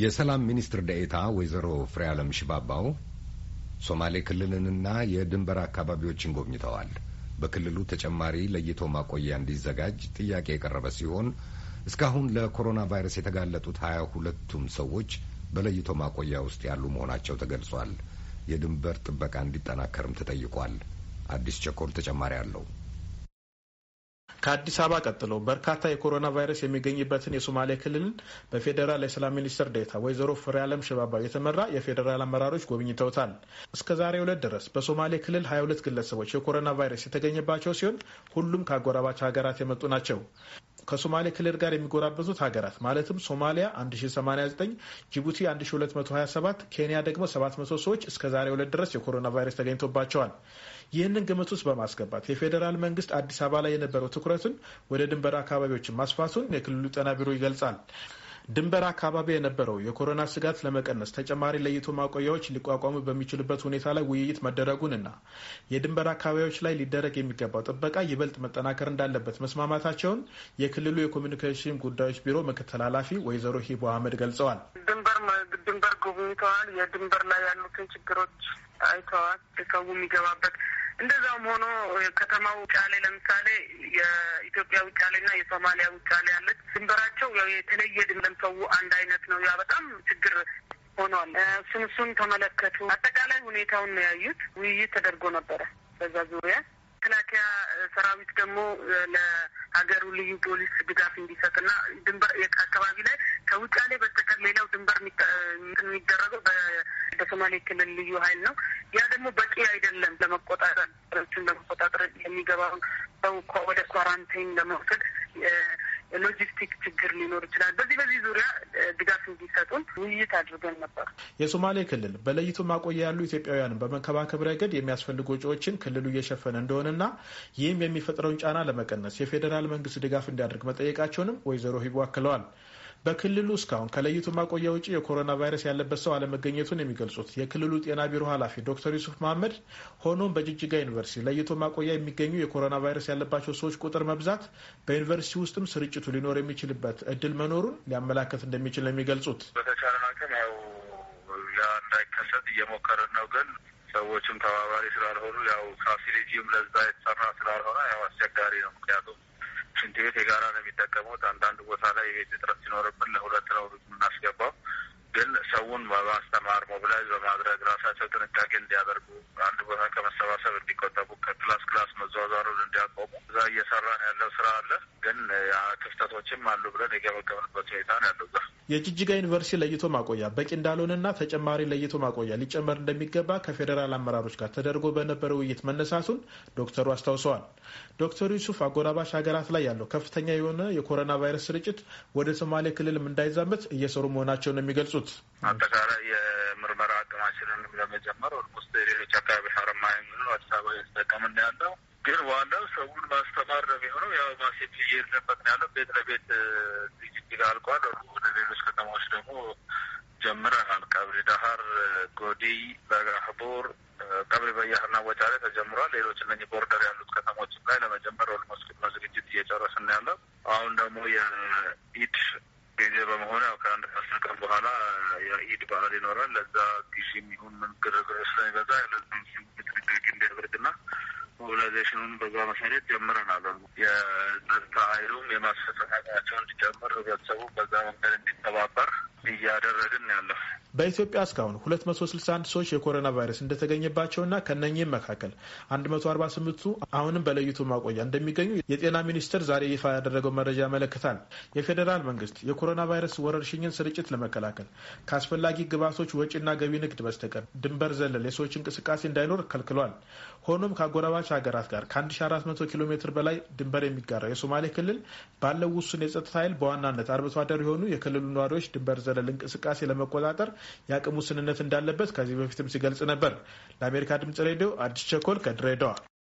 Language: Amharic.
የሰላም ሚኒስትር ደኤታ ወይዘሮ ፍሬ ሽባባው ሶማሌ ክልልንና የድንበር አካባቢዎችን ጎብኝተዋል። በክልሉ ተጨማሪ ለይቶ ማቆያ እንዲዘጋጅ ጥያቄ የቀረበ ሲሆን እስካሁን ለኮሮና ቫይረስ የተጋለጡት ሀያ ሁለቱም ሰዎች በለይቶ ማቆያ ውስጥ ያሉ መሆናቸው ተገልጿል። የድንበር ጥበቃ እንዲጠናከርም ተጠይቋል። አዲስ ቸኮል ተጨማሪ አለው። ከአዲስ አበባ ቀጥሎ በርካታ የኮሮና ቫይረስ የሚገኝበትን የሶማሌ ክልልን በፌዴራል የሰላም ሚኒስትር ዴታ ወይዘሮ ፍሬ አለም ሽባባው የተመራ የፌዴራል አመራሮች ጎብኝተውታል። እስከ ዛሬ ሁለት ድረስ በሶማሌ ክልል 22 ግለሰቦች የኮሮና ቫይረስ የተገኘባቸው ሲሆን ሁሉም ከአጎራባች ሀገራት የመጡ ናቸው። ከሶማሌ ክልል ጋር የሚጎራበዙት ሀገራት ማለትም ሶማሊያ 1089፣ ጅቡቲ 1227፣ ኬንያ ደግሞ 700 ሰዎች እስከ ዛሬ ሁለት ድረስ የኮሮና ቫይረስ ተገኝቶባቸዋል። ይህንን ግምት ውስጥ በማስገባት የፌዴራል መንግስት አዲስ አበባ ላይ የነበረው ትኩረትን ወደ ድንበር አካባቢዎችን ማስፋቱን የክልሉ ጤና ቢሮ ይገልጻል። ድንበር አካባቢ የነበረው የኮሮና ስጋት ለመቀነስ ተጨማሪ ለይቶ ማቆያዎች ሊቋቋሙ በሚችልበት ሁኔታ ላይ ውይይት መደረጉንና የድንበር አካባቢዎች ላይ ሊደረግ የሚገባው ጥበቃ ይበልጥ መጠናከር እንዳለበት መስማማታቸውን የክልሉ የኮሚኒኬሽን ጉዳዮች ቢሮ ምክትል ኃላፊ ወይዘሮ ሂቦ አህመድ ገልጸዋል። ድንበር ድንበር ጎብኝተዋል። የድንበር ላይ ያሉትን ችግሮች አይተዋል። ሰው የሚገባበት እንደዛውም ሆኖ ከተማው ውጫሌ ለምሳሌ የኢትዮጵያ ውጫሌና የሶማሊያ ውጫሌ አለች። ድንበራቸው ያው የተለየ ድንበር ሰው አንድ አይነት ነው። ያ በጣም ችግር ሆኗል። እሱን እሱን ተመለከቱ። አጠቃላይ ሁኔታውን ነው ያዩት። ውይይት ተደርጎ ነበረ በዛ ዙሪያ መከላከያ ሰራዊት ደግሞ ለሀገሩ ልዩ ፖሊስ ድጋፍ እንዲሰጥና ድንበር አካባቢ ላይ ከውጫሌ በስተቀር ሌላው ድንበር የሚደረገው በሶማሌ ክልል ልዩ ኃይል ነው። ያ ደግሞ በቂ አይደለም። ለመቆጣጠር ለመቆጣጠር የሚገባውን ሰው ወደ ኳራንቲን ለመውሰድ ሎጂስቲክ ችግር ሊኖር ይችላል። በዚህ በዚህ ዙሪያ ድጋፍ እንዲሰጡን ውይይት አድርገን ነበር። የሶማሌ ክልል በለይቶ ማቆያ ያሉ ኢትዮጵያውያንን በመንከባከብ ረገድ የሚያስፈልጉ ወጪዎችን ክልሉ እየሸፈነ እንደሆነና ይህም የሚፈጥረውን ጫና ለመቀነስ የፌዴራል መንግስት ድጋፍ እንዲያደርግ መጠየቃቸውንም ወይዘሮ ሂቡ አክለዋል። በክልሉ እስካሁን ከለይቶ ማቆያ ውጭ የኮሮና ቫይረስ ያለበት ሰው አለመገኘቱን የሚገልጹት የክልሉ ጤና ቢሮ ኃላፊ ዶክተር ዩሱፍ መሀመድ፣ ሆኖም በጅጅጋ ዩኒቨርሲቲ ለይቶ ማቆያ የሚገኙ የኮሮና ቫይረስ ያለባቸው ሰዎች ቁጥር መብዛት በዩኒቨርሲቲ ውስጥም ስርጭቱ ሊኖር የሚችልበት እድል መኖሩን ሊያመላከት እንደሚችል ነው የሚገልጹት። በተቻለን አቅም ያው ያ እንዳይከሰት እየሞከርን ነው ግን ሰዎችም ተባባሪ ስላልሆኑ ያው ፋሲሊቲውም ለዛ የተሰራ ስላልሆነ ያው አስቸጋሪ ነው ምክንያቱም ሽንት ቤት የጋራ ነው የሚጠቀሙት። አንዳንድ ቦታ ላይ የቤት እጥረት ሲኖርብን ለሁለት ነው የምናስገባው። ግን ሰውን በማስተማር ሞብላይዝ በማድረግ ራሳቸው ጥንቃቄ እንዲያደርጉ አንድ ቦታ ከመሰባሰብ እንዲቆ እንዲያቆሙ እዛ እየሰራን ያለው ስራ አለ። ግን ክፍተቶችም አሉ ብለን የገመገምንበት ሁኔታ ነው ያለው። የጅጅጋ ዩኒቨርሲቲ ለይቶ ማቆያ በቂ እንዳልሆነና ተጨማሪ ለይቶ ማቆያ ሊጨመር እንደሚገባ ከፌዴራል አመራሮች ጋር ተደርጎ በነበረ ውይይት መነሳቱን ዶክተሩ አስታውሰዋል። ዶክተር ዩሱፍ አጎራባሽ ሀገራት ላይ ያለው ከፍተኛ የሆነ የኮሮና ቫይረስ ስርጭት ወደ ሶማሌ ክልልም እንዳይዛመት እየሰሩ መሆናቸውን የሚገልጹት አጠቃላይ የምርመራ አቅማችንንም ለመጀመር ኦልሞስት ሌሎች አካባቢ ሀረማያ አዲስ አበባ እየተጠቀምን ነው ሰፊ እየሄድንበት ነው ያለው። ቤት ለቤት ዝግጅት አልቋል። ወደ ሌሎች ከተማዎች ደግሞ ጀምረናል። ቀብሪ ዳሀር፣ ጎዲይ፣ በጋህቦር ቀብሪ በያህና ቦታ ላይ ተጀምሯል። ሌሎች እነ ቦርደር ያሉት ከተሞችም ላይ ለመጀመር ኦልሞስት ነው ዝግጅት እየጨረስን ነው ያለው። አሁን ደግሞ የኢድ ጊዜ በመሆኑ ያው ከአንድ ከአስር ቀን በኋላ የኢድ በዓል ይኖራል። ለዛ ጊዜ የሚሆን ግርግር ስለሚበዛ ለዚ ሞቢላይዜሽኑን በዛ መሰረት ጀምረናል። የጸጥታ ኃይሉም የማስፈጸም አቅማቸውን እንዲጨምር ህብረተሰቡ በዛ መንገድ እንዲተባበር እያደረግን ያለው በኢትዮጵያ እስካሁን 261 ሰዎች የኮሮና ቫይረስ እንደተገኘባቸውና ከነኚህም መካከል 148ቱ አሁንም በለይቶ ማቆያ እንደሚገኙ የጤና ሚኒስቴር ዛሬ ይፋ ያደረገው መረጃ ያመለክታል። የፌዴራል መንግስት የኮሮና ቫይረስ ወረርሽኝን ስርጭት ለመከላከል ከአስፈላጊ ግብዓቶች ወጪና ገቢ ንግድ በስተቀር ድንበር ዘለል የሰዎች እንቅስቃሴ እንዳይኖር ከልክሏል። ሆኖም ከአጎራባች ሀገራት ጋር ከ1400 ኪሎ ሜትር በላይ ድንበር የሚጋራው የሶማሌ ክልል ባለው ውሱን የጸጥታ ኃይል በዋናነት አርብቶ አደር የሆኑ የክልሉ ነዋሪዎች ድንበር ዘለል እንቅስቃሴ ለመቆጣጠር የአቅም ውስንነት እንዳለበት ከዚህ በፊትም ሲገልጽ ነበር። ለአሜሪካ ድምጽ ሬዲዮ አዲስ ቸኮል ከድሬዳዋ